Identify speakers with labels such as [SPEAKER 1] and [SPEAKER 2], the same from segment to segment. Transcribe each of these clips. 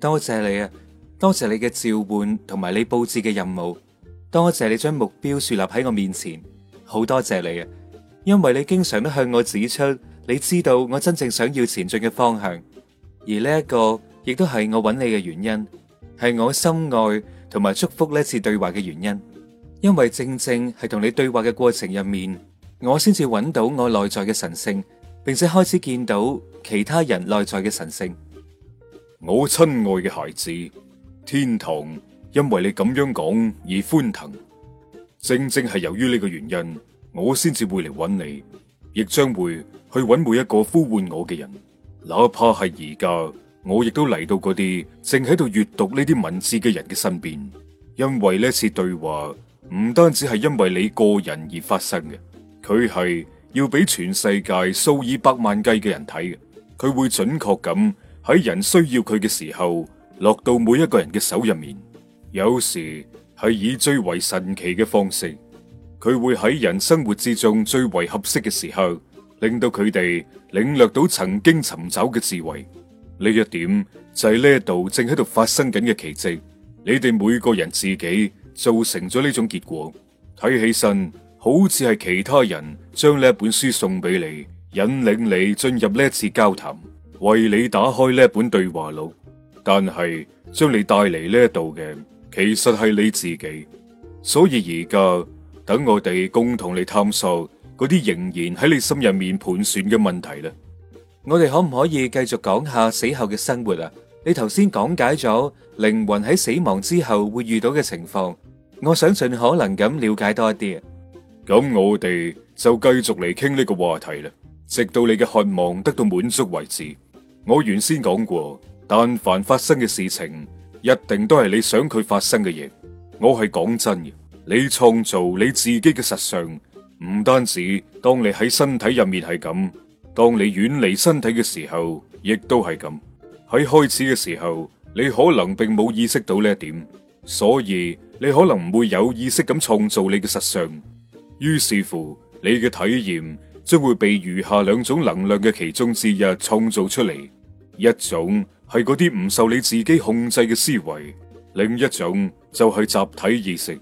[SPEAKER 1] 多謝你啊，多謝你嘅召喚同埋你布置嘅任務，多謝你將目標樹立喺我面前，好多謝你啊，因為你經常都向我指出，你知道我真正想要前進嘅方向，而呢一個亦都係我揾你嘅原因，係我心愛同埋祝福呢次對話嘅原因，因為正正係同你對話嘅過程入面，我先至揾到我內在嘅神聖，並且開始見到其他人內在嘅神聖。我親愛嘅孩子，天堂因為你咁樣講而歡騰，正正係由於呢個原因，我先至會嚟揾你，亦將會去揾每一個呼喚我嘅人，哪怕係而家，我亦都嚟到嗰啲正喺度閱讀呢啲文字嘅人嘅身邊，因為呢次對話唔單止係因為你個人而發生嘅，佢係要俾全世界數以百萬計嘅人睇嘅，佢會準確咁。喺人需要佢嘅時候，落到每一個人嘅手入面，有時係以最為神奇嘅方式，佢會喺人生活之中最為合適嘅時候，令到佢哋領略到曾經尋找嘅智慧。呢一點就係呢一度正喺度發生緊嘅奇蹟。你哋每個人自己造成咗呢種結果，睇起身好似係其他人將呢一本書送俾你，引領你進入呢一次交談。為你打開呢一本對話錄，但係將你帶嚟呢一度嘅，其實係你自己。所以而家等我哋共同嚟探索嗰啲仍然喺你心入面盤算嘅問題啦。我哋可唔可以繼續講下死後嘅生活啊？你頭先講解咗靈魂喺死亡之後會遇到嘅情況，我想盡可能咁了解多一啲。咁我哋就繼續嚟傾呢個話題啦，直到你嘅渴望得到滿足為止。我原先講過，但凡發生嘅事情，一定都係你想佢發生嘅嘢。我係講真嘅，你創造你自己嘅實相，唔單止當你喺身體入面係咁，當你遠離身體嘅時候，亦都係咁。喺開始嘅時候，你可能並冇意識到呢一點，所以你可能唔會有意識咁創造你嘅實相。於是乎，你嘅體驗將會被餘下兩種能量嘅其中之一創造出嚟。一種係嗰啲唔受你自己控制嘅思維，另一種就係集體意識。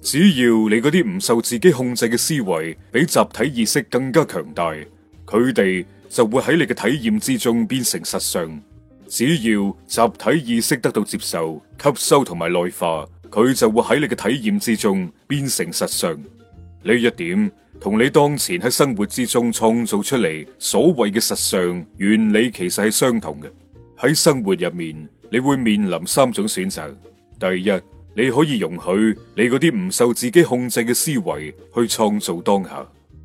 [SPEAKER 1] 只要你嗰啲唔受自己控制嘅思維比集體意識更加強大，佢哋就會喺你嘅體驗之中變成實相。只要集體意識得到接受、吸收同埋內化，佢就會喺你嘅體驗之中變成實相。呢一點，同你當前喺生活之中創造出嚟所謂嘅實相原理，其實係相同嘅。喺生活入面，你會面臨三種選擇：第一，你可以容許你嗰啲唔受自己控制嘅思維去創造當下；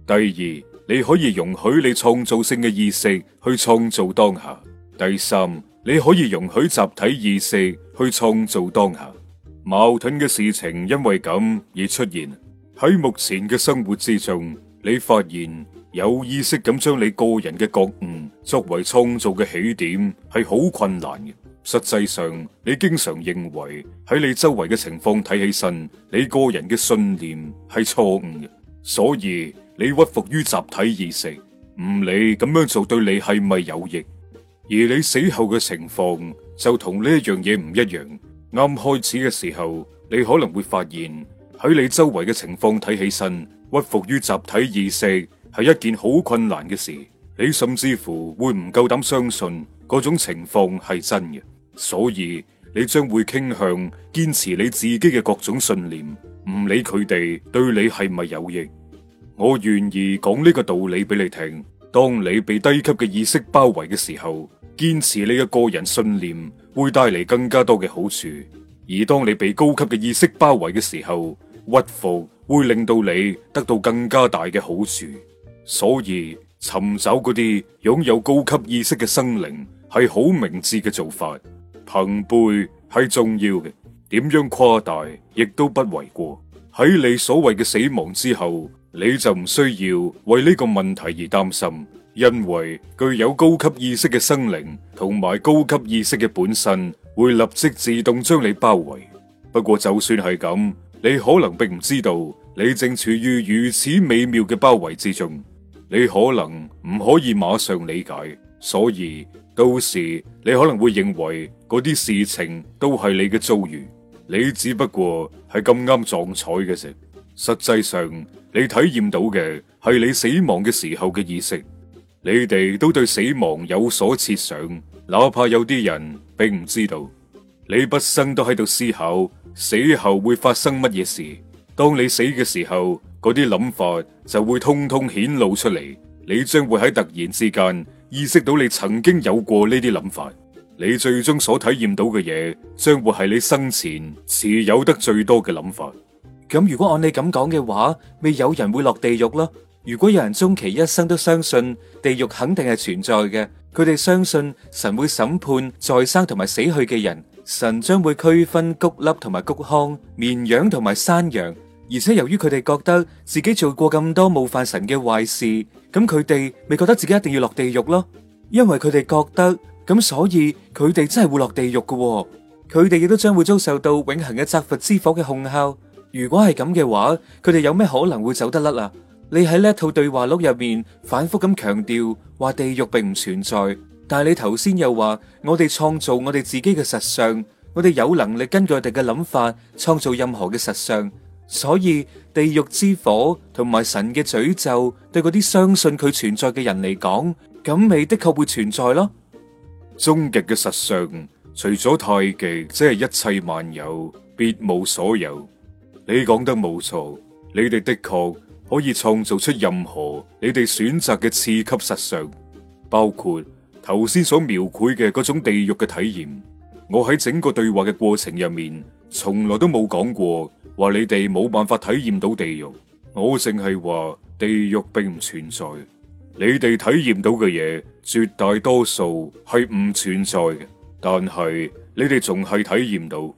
[SPEAKER 1] 第二，你可以容許你創造性嘅意識去創造當下；第三，你可以容許集體意識去創造當下。矛盾嘅事情因為咁而出現。喺目前嘅生活之中，你發現有意識咁將你個人嘅覺悟作為創造嘅起點係好困難嘅。實際上，你經常認為喺你周圍嘅情況睇起身，你個人嘅信念係錯誤嘅，所以你屈服於集體意識，唔理咁樣做對你係咪有益。而你死後嘅情況就同呢樣嘢唔一樣。啱開始嘅時候，你可能會發現。喺你周圍嘅情況睇起身，屈服於集體意識係一件好困難嘅事。你甚至乎會唔夠膽相信嗰種情況係真嘅，所以你將會傾向堅持你自己嘅各種信念，唔理佢哋對你係咪有益。我願意講呢個道理俾你聽：當你被低級嘅意識包圍嘅時候，堅持你嘅個人信念會帶嚟更加多嘅好處；而當你被高級嘅意識包圍嘅時候，屈服會令到你得到更加大嘅好處，所以尋找嗰啲擁有高級意識嘅生靈係好明智嘅做法。朋輩係重要嘅，點樣誇大亦都不為過。喺你所謂嘅死亡之後，你就唔需要為呢個問題而擔心，因為具有高級意識嘅生靈同埋高級意識嘅本身會立即自動將你包圍。不過就算係咁。你可能並唔知道，你正處於如此美妙嘅包圍之中。你可能唔可以馬上理解，所以到時你可能會認為嗰啲事情都係你嘅遭遇。你只不過係咁啱撞彩嘅啫。實際上，你體驗到嘅係你死亡嘅時候嘅意識。你哋都對死亡有所設想，哪怕有啲人並唔知道。你畢生都喺度思考。死後會發生乜嘢事？當你死嘅時候，嗰啲諗法就會通通顯露出嚟。你將會喺突然之間意識到你曾經有過呢啲諗法。你最終所體驗到嘅嘢，將會係你生前持有得最多嘅諗法。咁如果按你咁講嘅話，未有人會落地獄咯？如果有人終其一生都相信地獄肯定係存在嘅，佢哋相信神會審判在生同埋死去嘅人。神將會區分穀粒同埋穀糠，綿羊同埋山羊，而且由於佢哋覺得自己做過咁多冒犯神嘅壞事，咁佢哋咪覺得自己一定要落地獄咯？因為佢哋覺得，咁所以佢哋真係會落地獄噶，佢哋亦都將會遭受到永恆嘅責罰之火嘅烘烤。如果係咁嘅話，佢哋有咩可能會走得甩啊？你喺呢一套對話錄入面反復咁強調，話地獄並唔存在。但係你頭先又話，我哋創造我哋自己嘅實相，我哋有能力根據我哋嘅諗法創造任何嘅實相。所以地獄之火同埋神嘅詛咒，對嗰啲相信佢存在嘅人嚟講，咁咪的確會存在咯。終極嘅實相，除咗太極，即係一切萬有，別無所有。你講得冇錯，你哋的確可以創造出任何你哋選擇嘅次級實相，包括。頭先所描繪嘅嗰種地獄嘅體驗，我喺整個對話嘅過程入面，從來都冇講過話你哋冇辦法體驗到地獄。我淨係話地獄並唔存在，你哋體驗到嘅嘢絕大多數係唔存在嘅，但係你哋仲係體驗到，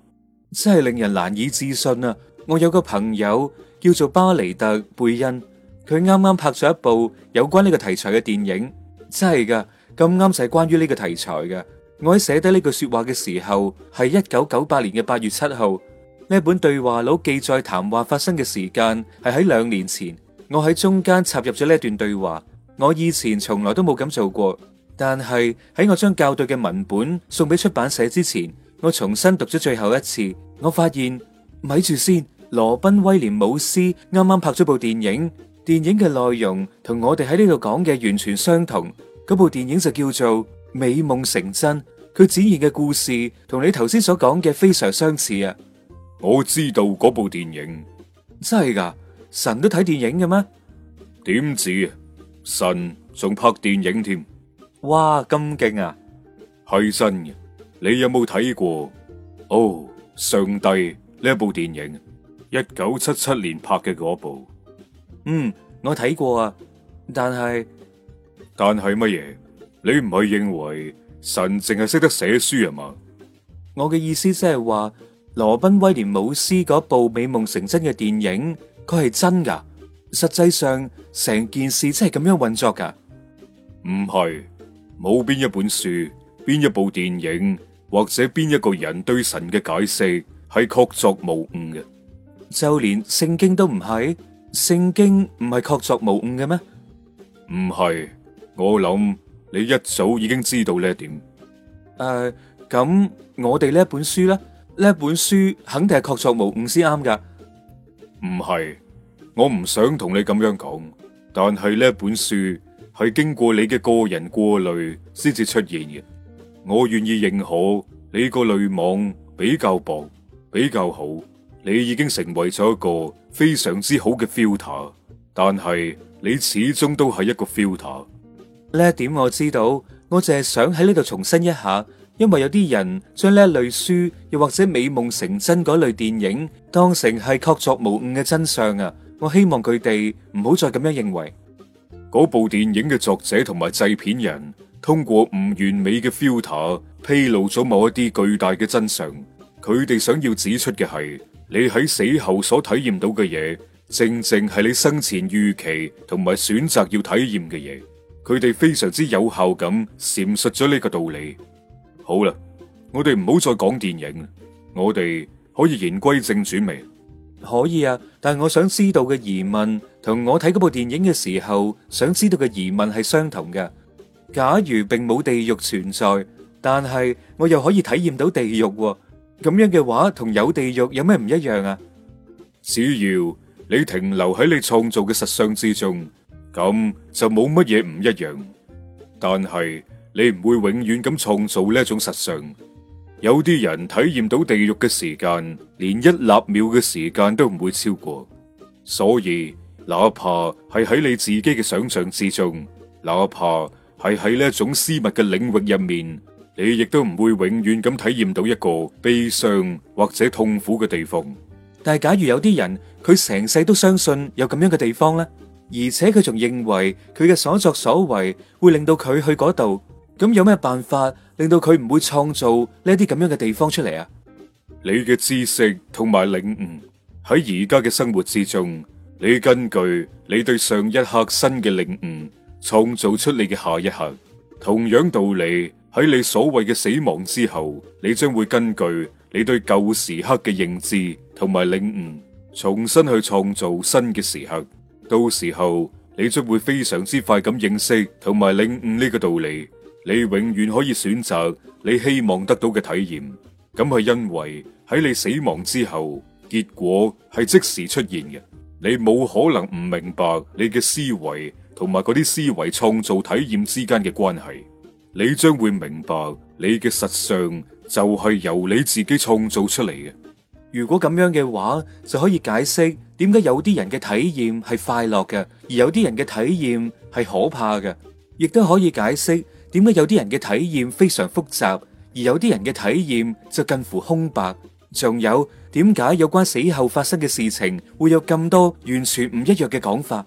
[SPEAKER 1] 真係令人難以置信啊！我有個朋友叫做巴尼特·貝恩，佢啱啱拍咗一部有關呢個題材嘅電影，真係噶。咁啱就係關於呢個題材嘅。我喺寫低呢句說話嘅時候，係一九九八年嘅八月七號，呢本對話佬記載談話發生嘅時間係喺兩年前。我喺中間插入咗呢段對話，我以前從來都冇咁做過。但係喺我將校對嘅文本送俾出版社之前，我重新讀咗最後一次，我發現咪住先。羅賓威廉姆斯啱啱拍咗部電影，電影嘅內容同我哋喺呢度講嘅完全相同。嗰部電影就叫做《美夢成真》，佢展現嘅故事同你頭先所講嘅非常相似啊！我知道嗰部電影，真係噶，神都睇電影嘅咩？點知？神仲拍電影添？哇，咁勁啊！係真嘅，你有冇睇過？哦、oh，上帝呢一部電影，一九七七年拍嘅嗰部。嗯，我睇過啊，但係。但係乜嘢？你唔係認為神淨係識得寫書啊嘛？我嘅意思即係話，羅賓威廉姆斯嗰部《美夢成真》嘅電影，佢係真噶。實際上，成件事真係咁樣運作噶。唔係，冇邊一本書、邊一部電影或者邊一個人對神嘅解釋係確鑿無誤嘅，就連聖經都唔係？聖經唔係確鑿無誤嘅咩？唔係。我諗你一早已經知道呢一點誒。咁、uh, 我哋呢一本書咧，呢一本書肯定係確鑿無誤先啱噶。唔係我唔想同你咁樣講，但係呢一本書係經過你嘅個人過濾先至出現嘅。我願意認可你個濾網比較薄，比較好。你已經成為咗一個非常之好嘅 filter，但係你始終都係一個 filter。呢一點我知道，我淨係想喺呢度重申一下，因為有啲人將呢一類書，又或者美夢成真嗰類電影當成係確鑿無誤嘅真相啊。我希望佢哋唔好再咁樣認為，嗰部電影嘅作者同埋製片人通過唔完美嘅 filter 披露咗某一啲巨大嘅真相。佢哋想要指出嘅係你喺死後所體驗到嘅嘢，正正係你生前預期同埋選擇要體驗嘅嘢。佢哋非常之有效咁闡述咗呢個道理。好啦，我哋唔好再講電影，我哋可以言歸正傳未？可以啊，但係我想知道嘅疑問，同我睇嗰部電影嘅時候想知道嘅疑問係相同嘅。假如並冇地獄存在，但係我又可以體驗到地獄啊，咁樣嘅話，同有地獄有咩唔一樣啊？只要你停留喺你創造嘅實相之中，咁就冇乜嘢唔一樣，但係你唔會永遠咁創造呢一種實相。有啲人體驗到地獄嘅時間，連一納秒嘅時間都唔會超過。所以，哪怕係喺你自己嘅想象之中，哪怕係喺呢一種私密嘅領域入面，你亦都唔會永遠咁體驗到一個悲傷或者痛苦嘅地方。但係，假如有啲人，佢成世都相信有咁樣嘅地方呢？而且佢仲認為佢嘅所作所為會令到佢去嗰度，咁有咩辦法令到佢唔會創造呢啲咁樣嘅地方出嚟啊？你嘅知識同埋領悟喺而家嘅生活之中，你根據你對上一刻新嘅領悟，創造出你嘅下一刻。同樣道理，喺你所謂嘅死亡之後，你將會根據你對舊時刻嘅認知同埋領悟，重新去創造新嘅時刻。到時候你將會非常之快咁認識同埋領悟呢個道理，你永遠可以選擇你希望得到嘅體驗，咁係因為喺你死亡之後，結果係即時出現嘅，你冇可能唔明白你嘅思維同埋嗰啲思維創造體驗之間嘅關係，你將會明白你嘅實相就係由你自己創造出嚟嘅。如果咁樣嘅話，就可以解釋點解有啲人嘅體驗係快樂嘅，而有啲人嘅體驗係可怕嘅，亦都可以解釋點解有啲人嘅體驗非常複雜，而有啲人嘅體驗就近乎空白。仲有，點解有關死後發生嘅事情會有咁多完全唔一樣嘅講法？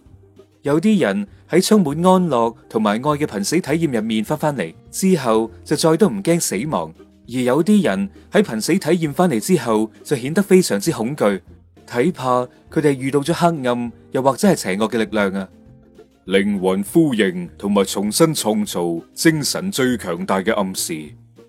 [SPEAKER 1] 有啲人喺充滿安樂同埋愛嘅瀕死體驗入面返返嚟之後，就再都唔驚死亡。而有啲人喺瀕死體驗翻嚟之後，就顯得非常之恐懼，睇怕佢哋遇到咗黑暗，又或者係邪惡嘅力量啊。靈魂呼應同埋重新創造精神最強大嘅暗示，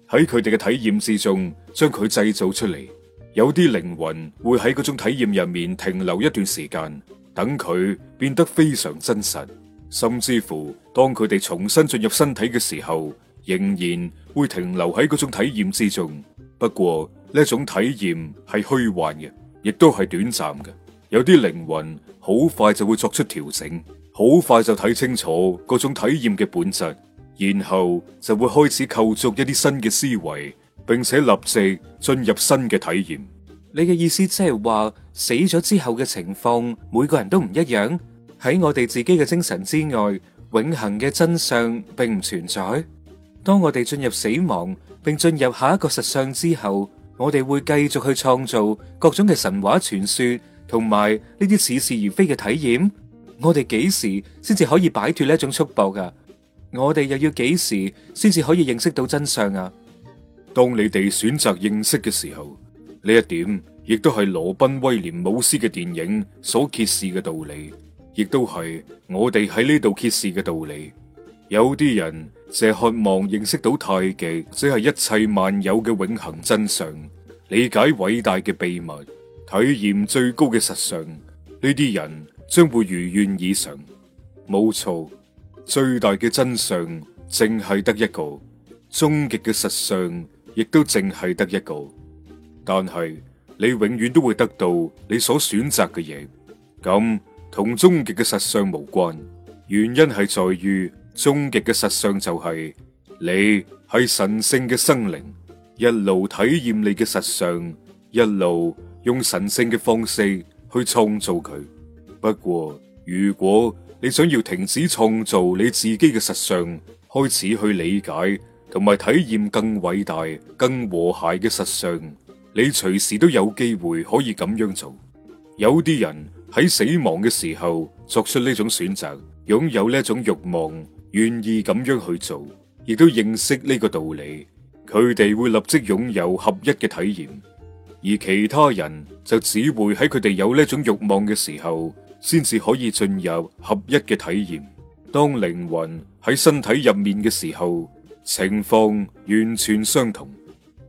[SPEAKER 1] 喺佢哋嘅體驗之中，將佢製造出嚟。有啲靈魂會喺嗰種體驗入面停留一段時間，等佢變得非常真實。甚至乎，當佢哋重新進入身體嘅時候。仍然會停留喺嗰種體驗之中，不過呢一種體驗係虛幻嘅，亦都係短暫嘅。有啲靈魂好快就會作出調整，好快就睇清楚嗰種體驗嘅本質，然後就會開始構築一啲新嘅思維，並且立即進入新嘅體驗。你嘅意思即係話死咗之後嘅情況，每個人都唔一樣。喺我哋自己嘅精神之外，永恆嘅真相並唔存在。當我哋進入死亡，並進入下一個實相之後，我哋會繼續去創造各種嘅神話傳說，同埋呢啲似是而非嘅體驗。我哋幾時先至可以擺脫呢一種束縛㗎？我哋又要幾時先至可以認識到真相啊？當你哋選擇認識嘅時候，呢一點亦都係羅賓威廉姆斯嘅電影所揭示嘅道理，亦都係我哋喺呢度揭示嘅道理。有啲人。只渴望認識到太極，只係一切萬有嘅永恆真相，理解偉大嘅秘密，體驗最高嘅實相，呢啲人將會如願以償。冇錯，最大嘅真相淨係得一個，終極嘅實相亦都淨係得一個。但係你永遠都會得到你所選擇嘅嘢，咁同終極嘅實相無關。原因係在於，終極嘅實相就係你係神聖嘅生靈，一路體驗你嘅實相，一路用神聖嘅方式去創造佢。不過，如果你想要停止創造你自己嘅實相，開始去理解同埋體驗更偉大、更和諧嘅實相，你隨時都有機會可以咁樣做。有啲人喺死亡嘅時候作出呢種選擇，擁有呢種慾望。願意咁樣去做，亦都認識呢個道理，佢哋會立即擁有合一嘅體驗；而其他人就只會喺佢哋有呢種欲望嘅時候，先至可以進入合一嘅體驗。當靈魂喺身體入面嘅時候，情況完全相同。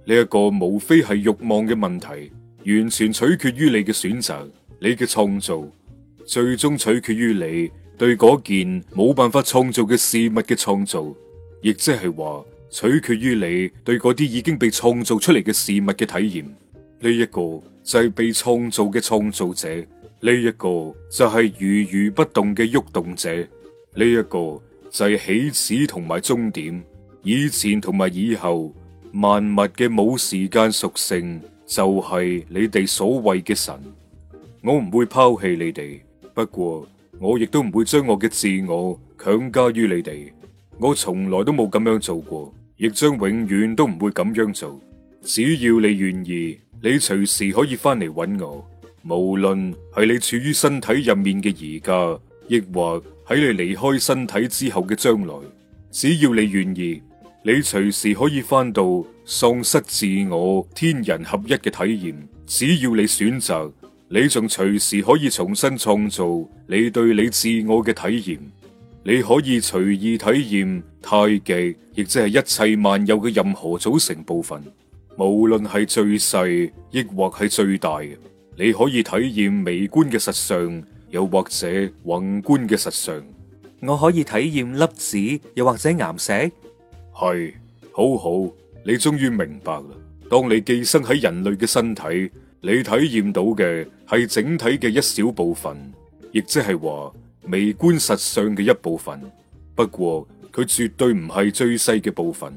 [SPEAKER 1] 呢一個無非係欲望嘅問題，完全取決於你嘅選擇，你嘅創造，最終取決於你。對嗰件冇辦法創造嘅事物嘅創造，亦即係話取決於你對嗰啲已經被創造出嚟嘅事物嘅體驗。呢一個就係被創造嘅創造者，呢一個就係如如不動嘅喐動者，呢一個就係起始同埋終點，以前同埋以後萬物嘅冇時間屬性，就係你哋所謂嘅神。我唔會拋棄你哋，不過。我亦都唔會將我嘅自我強加於你哋，我從來都冇咁樣做過，亦將永遠都唔會咁樣做。只要你願意，你隨時可以翻嚟揾我，無論係你處於身體入面嘅而家，亦或喺你離開身體之後嘅將來，只要你願意，你隨時可以翻到喪失自我、天人合一嘅體驗。只要你選擇。你仲隨時可以重新創造你對你自我嘅體驗，你可以隨意體驗太極，亦即係一切萬有嘅任何組成部分，無論係最細亦或係最大。你可以體驗微觀嘅實相，又或者宏觀嘅實相。我可以體驗粒子，又或者岩石。係，好好，你終於明白啦。當你寄生喺人類嘅身體。你體驗到嘅係整體嘅一小部分，亦即係話微觀實相嘅一部分。不過佢絕對唔係最細嘅部分。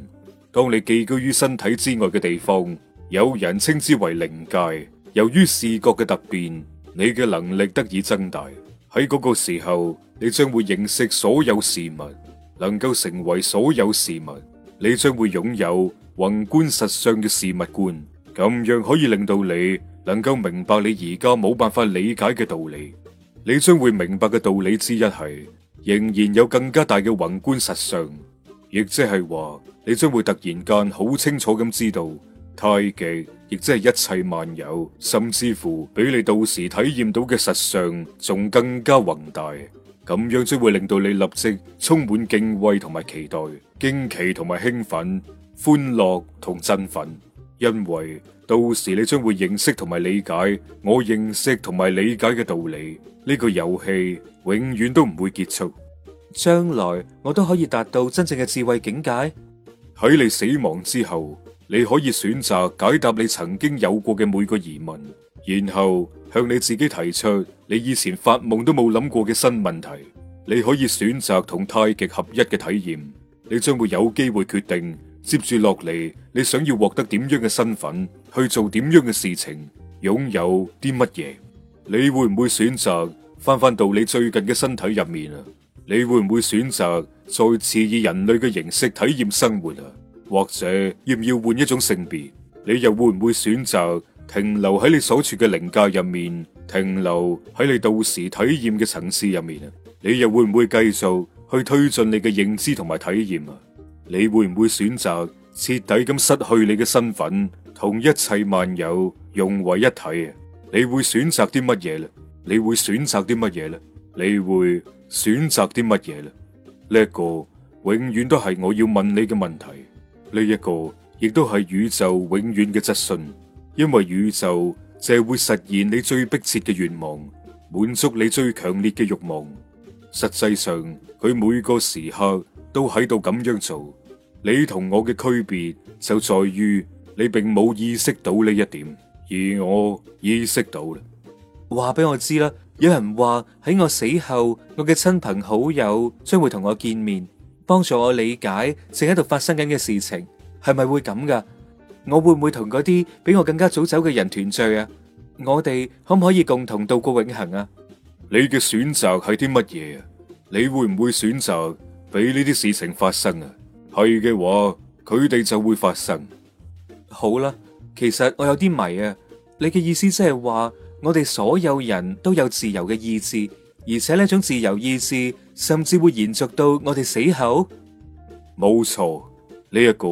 [SPEAKER 1] 當你寄居於身體之外嘅地方，有人稱之為靈界。由於視覺嘅突變，你嘅能力得以增大。喺嗰個時候，你將會認識所有事物，能夠成為所有事物。你將會擁有宏觀實相嘅事物觀。咁樣可以令到你。能夠明白你而家冇辦法理解嘅道理，你將會明白嘅道理之一係，仍然有更加大嘅宏觀實相，亦即係話，你將會突然間好清楚咁知道太極，亦即係一切萬有，甚至乎比你到時體驗到嘅實相仲更加宏大，咁樣將會令到你立即充滿敬畏同埋期待、驚奇同埋興奮、歡樂同埋振奮。因為到時你將會認識同埋理解我認識同埋理解嘅道理，呢個遊戲永遠都唔會結束。將來我都可以達到真正嘅智慧境界。喺你死亡之後，你可以選擇解答你曾經有過嘅每個疑問，然後向你自己提出你以前發夢都冇諗過嘅新問題。你可以選擇同太極合一嘅體驗，你將會有機會決定。接住落嚟，你想要獲得點樣嘅身份，去做點樣嘅事情，擁有啲乜嘢？你會唔會選擇返返到你最近嘅身體入面啊？你會唔會選擇再次以人類嘅形式體驗生活啊？或者要唔要換一種性別？你又會唔會選擇停留喺你所處嘅靈界入面？停留喺你到時體驗嘅層次入面啊？你又會唔會繼續去推進你嘅認知同埋體驗啊？你會唔會選擇徹底咁失去你嘅身份，同一切萬有融為一體啊？你會選擇啲乜嘢咧？你會選擇啲乜嘢咧？你會選擇啲乜嘢咧？呢一個永遠都係我要問你嘅問題，呢一個亦都係宇宙永遠嘅質詢，因為宇宙就係會實現你最迫切嘅願望，滿足你最強烈嘅欲望。實際上佢每個時刻。都喺度咁樣做，你同我嘅區別就在於你並冇意識到呢一點，而我意識到啦。話俾我知啦。有人話喺我死後，我嘅親朋好友將會同我見面，幫助我理解正喺度發生緊嘅事情，係咪會咁噶？我會唔會同嗰啲比我更加早走嘅人團聚啊？我哋可唔可以共同度過永恆啊？你嘅選擇係啲乜嘢啊？你會唔會選擇俾呢啲事情發生啊，係嘅話，佢哋就會發生。好啦，其實我有啲迷啊。你嘅意思即係話，我哋所有人都有自由嘅意志，而且呢一種自由意志甚至會延續到我哋死後？冇錯，呢一個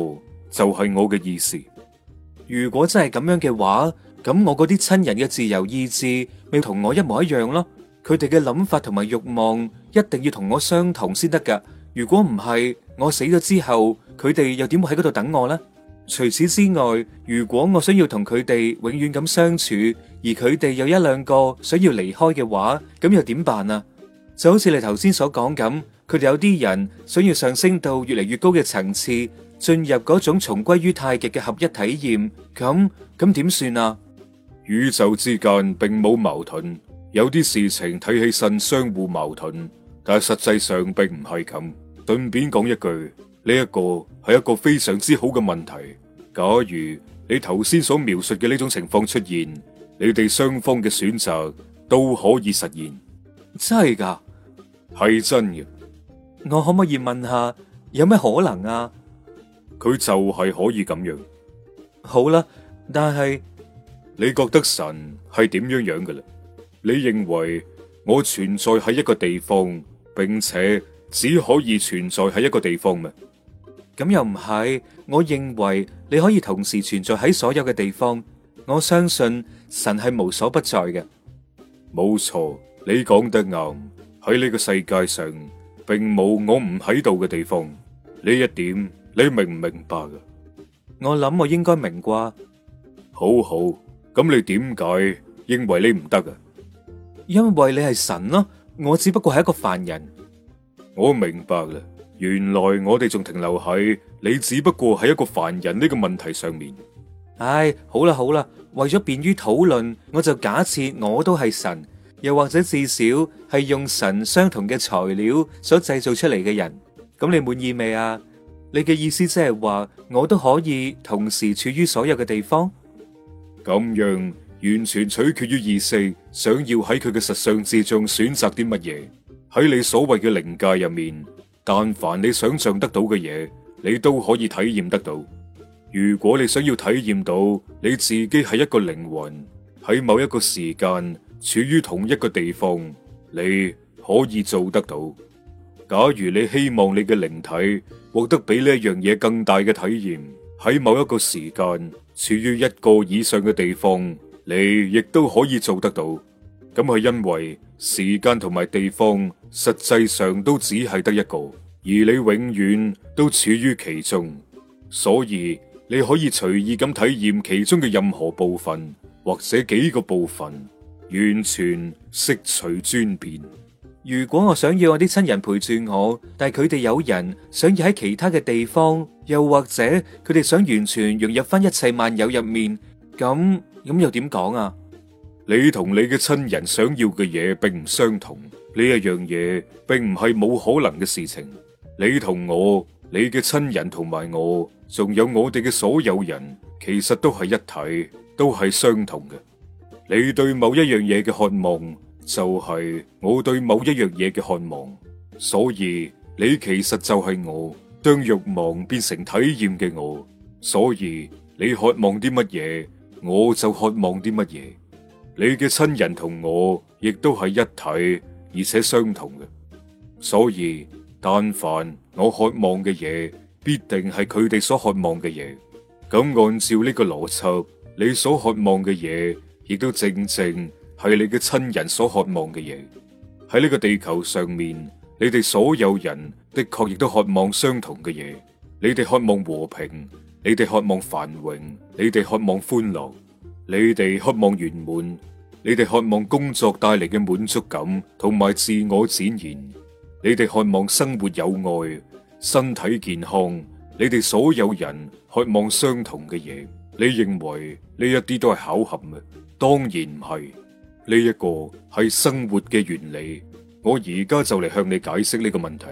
[SPEAKER 1] 就係我嘅意思。如果真係咁樣嘅話，咁我嗰啲親人嘅自由意志咪同我一模一樣咯。佢哋嘅諗法同埋欲望一定要同我相同先得噶。如果唔係我死咗之後，佢哋又點會喺嗰度等我呢？除此之外，如果我想要同佢哋永遠咁相處，而佢哋有一兩個想要離開嘅話，咁又點辦啊？就好似你頭先所講咁，佢哋有啲人想要上升到越嚟越高嘅層次，進入嗰種重歸於太極嘅合一體驗，咁咁點算啊？宇宙之間並冇矛盾，有啲事情睇起身相互矛盾，但係實際上並唔係咁。順便講一句，呢一個係一個非常之好嘅問題。假如你頭先所描述嘅呢種情況出現，你哋雙方嘅選擇都可以實現。真係噶，係真嘅。我可唔可以問下，有咩可能啊？佢就係可以咁樣。好啦，但係你覺得神係點樣樣嘅咧？你認為我存在喺一個地方，並且？只可以存在喺一個地方嘛？咁又唔係，我認為你可以同時存在喺所有嘅地方。我相信神係無所不在嘅。冇錯，你講得啱。喺呢個世界上，並冇我唔喺度嘅地方。呢一點，你明唔明白啊？我諗我應該明啩。好好，咁你點解認為你唔得啊？因為你係神啦，我只不過係一個凡人。我明白啦，原來我哋仲停留喺你只不過係一個凡人呢個問題上面。唉、哎，好啦好啦，為咗便於討論，我就假設我都係神，又或者至少係用神相同嘅材料所製造出嚟嘅人。咁你滿意未啊？你嘅意思即係話我都可以同時處於所有嘅地方？咁樣完全取決於意識想要喺佢嘅實相之中選擇啲乜嘢。喺你所謂嘅靈界入面，但凡你想象得到嘅嘢，你都可以體驗得到。如果你想要體驗到你自己係一個靈魂，喺某一個時間處於同一個地方，你可以做得到。假如你希望你嘅靈體獲得比呢一樣嘢更大嘅體驗，喺某一個時間處於一個以上嘅地方，你亦都可以做得到。咁係因為。時間同埋地方，實際上都只係得一個，而你永遠都處於其中，所以你可以隨意咁體驗其中嘅任何部分或者幾個部分，完全悉隨尊便。如果我想要我啲親人陪住我，但係佢哋有人想要喺其他嘅地方，又或者佢哋想完全融入翻一切萬有入面，咁咁又點講啊？你同你嘅親人想要嘅嘢並唔相同。呢一樣嘢，並唔係冇可能嘅事情。你同我，你嘅親人同埋我，仲有我哋嘅所有人，其實都係一體，都係相同嘅。你對某一樣嘢嘅渴望，就係、是、我對某一樣嘢嘅渴望，所以你其實就係我將慾望變成體驗嘅我。所以你渴望啲乜嘢，我就渴望啲乜嘢。你嘅親人同我亦都係一體，而且相同嘅。所以，但凡我渴望嘅嘢，必定係佢哋所渴望嘅嘢。咁按照呢個邏輯，你所渴望嘅嘢，亦都正正係你嘅親人所渴望嘅嘢。喺呢個地球上面，你哋所有人的確亦都渴望相同嘅嘢。你哋渴望和平，你哋渴望繁榮，你哋渴望歡樂。你哋渴望圓滿，你哋渴望工作帶嚟嘅滿足感同埋自我展現，你哋渴望生活有愛、身體健康，你哋所有人渴望相同嘅嘢。你認為呢一啲都係巧合嗎？當然唔係，呢、這、一個係生活嘅原理。我而家就嚟向你解釋呢個問題。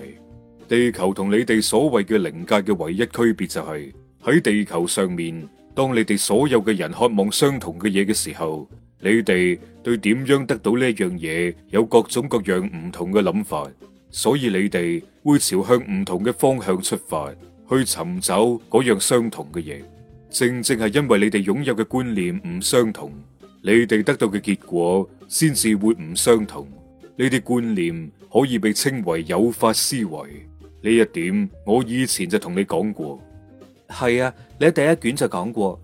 [SPEAKER 1] 地球同你哋所謂嘅靈界嘅唯一區別就係、是、喺地球上面。當你哋所有嘅人渴望相同嘅嘢嘅時候，你哋對點樣得到呢一樣嘢有各種各樣唔同嘅諗法，所以你哋會朝向唔同嘅方向出發去尋找嗰樣相同嘅嘢。正正係因為你哋擁有嘅觀念唔相同，你哋得到嘅結果先至會唔相同。呢啲觀念可以被稱為誘發思維。呢一點我以前就同你講過。係啊，你喺第一卷就講過。